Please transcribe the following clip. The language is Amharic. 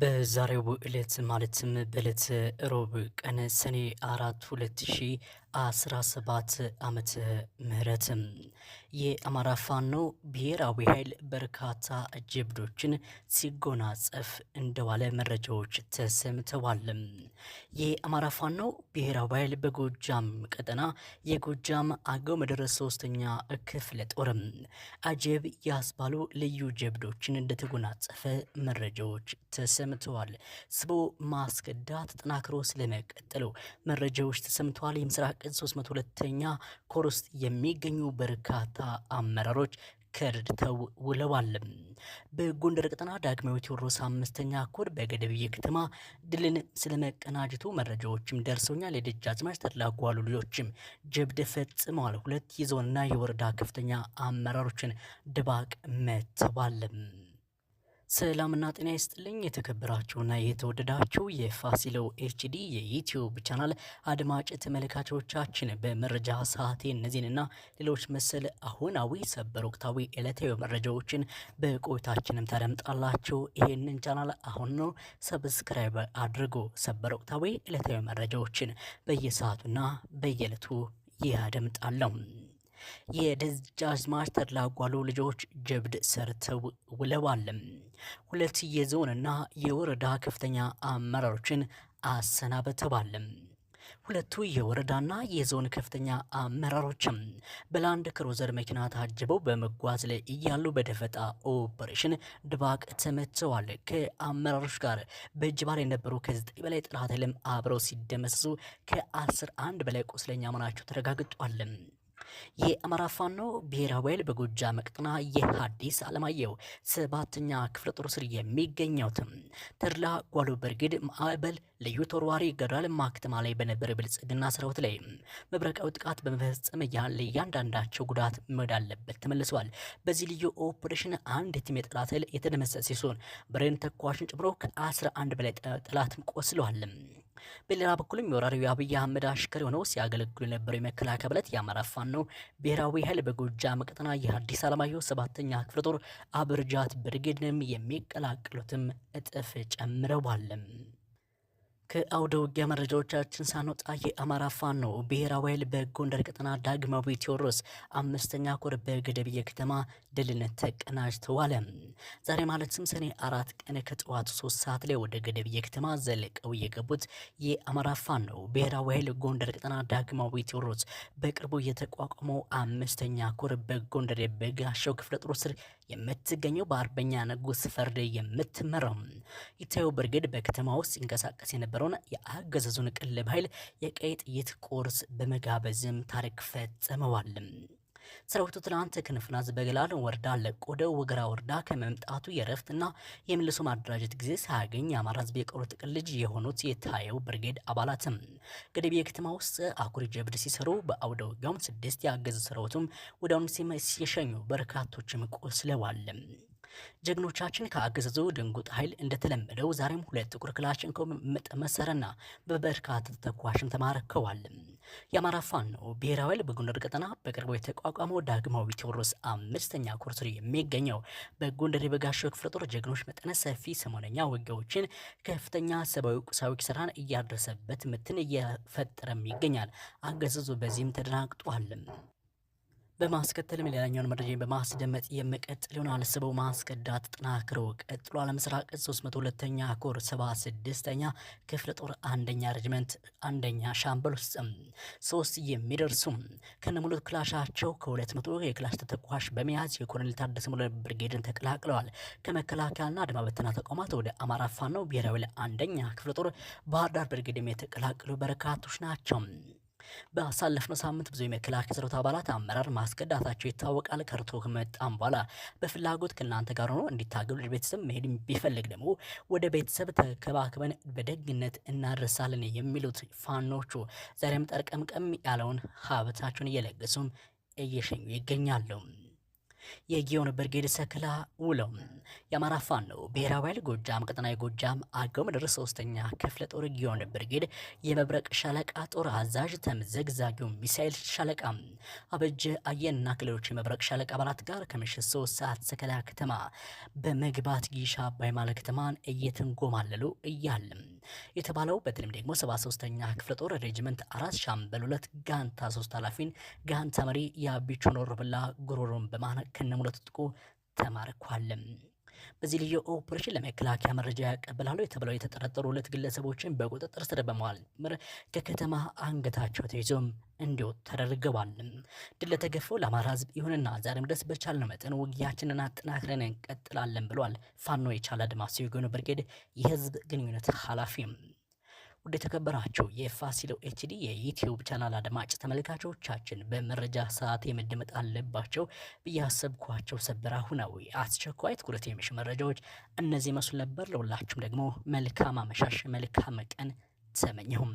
በዛሬው ዕለት ማለትም በዕለት ሮብ ቀን ሰኔ አራት ሁለት ሺ አስራ ሰባት ዓመተ ምህረት የአማራ ፋኖ ብሔራዊ ኃይል በርካታ ጀብዶችን ሲጎናጸፍ እንደዋለ መረጃዎች ተሰምተዋል። የአማራ ፋኖ ብሔራዊ ኃይል በጎጃም ቀጠና የጎጃም አገው ምድር ሶስተኛ ክፍለ ጦር አጀብ ያስባሉ ልዩ ጀብዶችን እንደተጎናጸፈ መረጃዎች ተሰምተዋል። ስቦ ማስከዳት ተጠናክሮ ስለመቀጠሉ መረጃዎች ተሰምተዋል። የምስራቅ ቀን 302ኛ ኮር ውስጥ የሚገኙ በርካታ አመራሮች ከርድተው ውለዋል። በጎንደር ቀጠና ዳግማዊ ቴዎድሮስ አምስተኛ ኮር በገደብዬ ከተማ ድልን ስለመቀናጀቱ መረጃዎችም ደርሰውኛል። የደጃዝማች ተድላ ጓሉ ልጆችም ጀብድ ፈጽመዋል። ሁለት የዞንና የወረዳ ከፍተኛ አመራሮችን ድባቅ መትተዋል። ሰላምና ጤና ይስጥልኝ የተከበራችሁና የተወደዳችሁ የፋሲሎ ኤችዲ የዩትዩብ ቻናል አድማጭ ተመልካቾቻችን፣ በመረጃ ሰዓቴ እነዚህንና ሌሎች መሰል አሁናዊ ሰበር፣ ወቅታዊ፣ ዕለታዊ መረጃዎችን በቆይታችንም ታደምጣላችሁ። ይህንን ቻናል አሁን ነው ሰብስክራይብ አድርጎ ሰበር፣ ወቅታዊ፣ ዕለታዊ መረጃዎችን በየሰዓቱና በየዕለቱ ያደምጣለሁ። የደጃዝማች ተድላ ጓሎ ልጆች ጀብድ ሰርተው ውለዋል። ሁለት የዞንና የወረዳ ከፍተኛ አመራሮችን አሰናበተዋል። ሁለቱ የወረዳና የዞን ከፍተኛ አመራሮችም በላንድ ክሮዘር መኪና ታጅበው በመጓዝ ላይ እያሉ በደፈጣ ኦፐሬሽን ድባቅ ተመተዋል። ከአመራሮች ጋር በእጅ ባር የነበሩ ከዘጠኝ በላይ ጠላት ኃይልም አብረው ሲደመሰሱ ከአስር አንድ በላይ ቁስለኛ መሆናቸው ተረጋግጧል። የአማራ ፋኖ ብሔራዊ ኃይል በጎጃ ቀጠና የሐዲስ ዓለማየሁ ሰባተኛ ክፍለ ጦር ስር የሚገኘውትም ተድላ ጓሎ በርግድ ማዕበል ልዩ ተወርዋሪ ገዳል ማክተማ ላይ በነበረ ብልጽግና ሰራዊት ላይ መብረቃዊ ጥቃት በመፈጸም ለእያንዳንዳቸው ጉዳት መዳለበት ተመልሰዋል። በዚህ ልዩ ኦፕሬሽን አንድ ቲም የጠላት ኃይል የተደመሰሰ ሲሆን ብሬን ተኳሽን ጨምሮ ከ11 በላይ ጠላትም ቆስለዋል። በሌላ በኩልም የወራሪው የአብይ አህመድ አሽከር የሆነው ሲያገለግሉ የነበረው የመከላከያ ብለት የአማራ ፋኖ ብሔራዊ ኃይል በጎጃም ቀጠና የሐዲስ ዓለማየሁ ሰባተኛ ክፍለ ጦር አብርጃት ብርጌድንም የሚቀላቅሉትም እጥፍ ጨምረዋል። ከአውደ ውጊያ መረጃዎቻችን ሳንወጣ የአማራ ፋኖ ብሔራዊ ኃይል በጎንደር ቀጠና ዳግማዊ ቴዎድሮስ አምስተኛ ኮር በገደብዬ ከተማ ድልነት ተቀናጅተዋል። ዛሬ ማለትም ሰኔ አራት ቀን ከጠዋቱ ሶስት ሰዓት ላይ ወደ ገደብዬ ከተማ ዘለቀው የገቡት የአማራ ፋኖ ብሔራዊ ኃይል ጎንደር ቀጠና ዳግማዊ ቴዎድሮስ በቅርቡ የተቋቋመው አምስተኛ ኮር በጎንደር የበጋሻው ክፍለ ጦር ስር የምትገኘው በአርበኛ ንጉስ ፈርዴ የምትመራው ይታየው ብርግድ በከተማ ውስጥ ይንቀሳቀስ የነበረ የነበረውን የአገዛዙን ቅልብ ኃይል የቀይ ጥይት ቁርስ በመጋበዝም ታሪክ ፈጽመዋል። ሰራዊቱ ትናንት ክንፍናዝ በገላል ወረዳ ለቆደ ወገራ ወረዳ ከመምጣቱ የረፍትና የመልሶ ማደራጀት ጊዜ ሳያገኝ የአማራ ሕዝብ የቀሩት ጥቅል ልጅ የሆኑት የታየው ብርጌድ አባላትም ገደብ ከተማ ውስጥ አኩሪ ጀብድ ሲሰሩ በአውደ ውጊያውም ስድስት ያገዙ ሰራዊቱም አሁን ሲመስ የሸኙ በርካቶችም ቆስለዋል። ጀግኖቻችን ከአገዛዙ ድንጉጥ ኃይል እንደተለመደው ዛሬም ሁለት ጥቁር ክላሽንኮቭ መሰረና በበርካታ ተተኳሽም ተማርከዋል። የአማራ ፋኖ ብሔራዊ ኃይል በጎንደር ቀጠና በቅርቡ የተቋቋመው ዳግማዊ ቴዎድሮስ አምስተኛ ኮርሶሪ የሚገኘው በጎንደር የበጋሻው ክፍለ ጦር ጀግኖች መጠነ ሰፊ ሰሞነኛ ውጊያዎችን ከፍተኛ ሰብአዊ፣ ቁሳዊ ኪሳራን እያደረሰበት ምትን እየፈጠረም ይገኛል። አገዛዙ በዚህም ተደናግጧል። በማስከተልም ሌላኛውን መረጃ በማስደመጥ የምቀጥል ይሆናል። ስበው ማስከዳት ጠናክሮ ቀጥሏል። ምስራቅ 302ኛ ኮር 76ኛ ክፍለ ጦር አንደኛ ሬጅመንት አንደኛ ሻምበል ውስጥ ሶስት የሚደርሱ ከነሙሉ ክላሻቸው ከ200 የክላሽ ተተኳሽ በመያዝ የኮሎኔል ታደሰ ሙሉ ብርጌድን ተቀላቅለዋል። ከመከላከያና አድማ በተና ተቋማት ወደ አማራ ፋኖ ብሔራዊ ለአንደኛ ክፍለ ጦር ባህርዳር ብርጌድም የተቀላቀሉ በርካቶች ናቸው። ባሳለፍነው ሳምንት ብዙ የመከላከያ ሰራዊት አባላት አመራር ማስገዳታቸው ይታወቃል። ከርቶ ከመጣም በኋላ በፍላጎት ከእናንተ ጋር ሆኖ እንዲታገሉ ቤተሰብ መሄድ ቢፈልግ ደግሞ ወደ ቤተሰብ ተከባክበን በደግነት እናደርሳለን የሚሉት ፋኖቹ ዛሬም ጠርቀምቀም ያለውን ሀብታቸውን እየለገሱም እየሸኙ ይገኛሉ። የጊዮን ብርጌድ ሰክላ ውለው የአማራ ፋኖ ነው ብሔራዊ ኃይል ጎጃም ቀጠና የጎጃም አገው ምድር ሶስተኛ ክፍለ ጦር ጊዮን ብርጌድ የመብረቅ ሻለቃ ጦር አዛዥ ተምዘግዛጊው ሚሳኤል ሻለቃ አበጀ አየንና ክልሎች የመብረቅ ሻለቃ አባላት ጋር ከምሽት ሶስት ሰዓት ሰከላ ከተማ በመግባት ጊሻ አባይ ማለ ከተማን እየተንጎማለሉ እያለም የተባለው በተለይም ደግሞ 73ኛ ክፍለ ጦር ሬጅመንት አራት ሻምበል ሁለት ጋንታ ሶስት ኃላፊን ጋንታ መሪ የአቢቾኖ ሮብላ ጉሮሮን በማነክ ከነሙለ ትጥቁ ተማርኳለም። በዚህ ልዩ ኦፕሬሽን ለመከላከያ መረጃ ያቀብላሉ የተብለው የተጠረጠሩ ሁለት ግለሰቦችን በቁጥጥር ስር በመዋል ምር ከከተማ አንገታቸው ተይዞም እንዲወጡ ተደርገዋል። ድል ለተገፈው ለአማራ ህዝብ ይሁንና ዛሬም ድረስ በቻልነው መጠን ውጊያችንን አጠናክረን እንቀጥላለን ብሏል። ፋኖ የቻለ አድማስ ሲሆኑ ብርጌድ የህዝብ ግንኙነት ኃላፊ ወደ ተከበራችሁ የፋሲሎ ኤችዲ የዩትዩብ ቻናል አድማጭ ተመልካቾቻችን በመረጃ ሰዓት የመደመጥ አለባቸው ብያሰብኳቸው ሰበር አሁናዊ አስቸኳይ ትኩረት የሚሽ መረጃዎች እነዚህ መስሉ ነበር። ለሁላችሁም ደግሞ መልካም አመሻሽ፣ መልካም ቀን ተመኘሁም።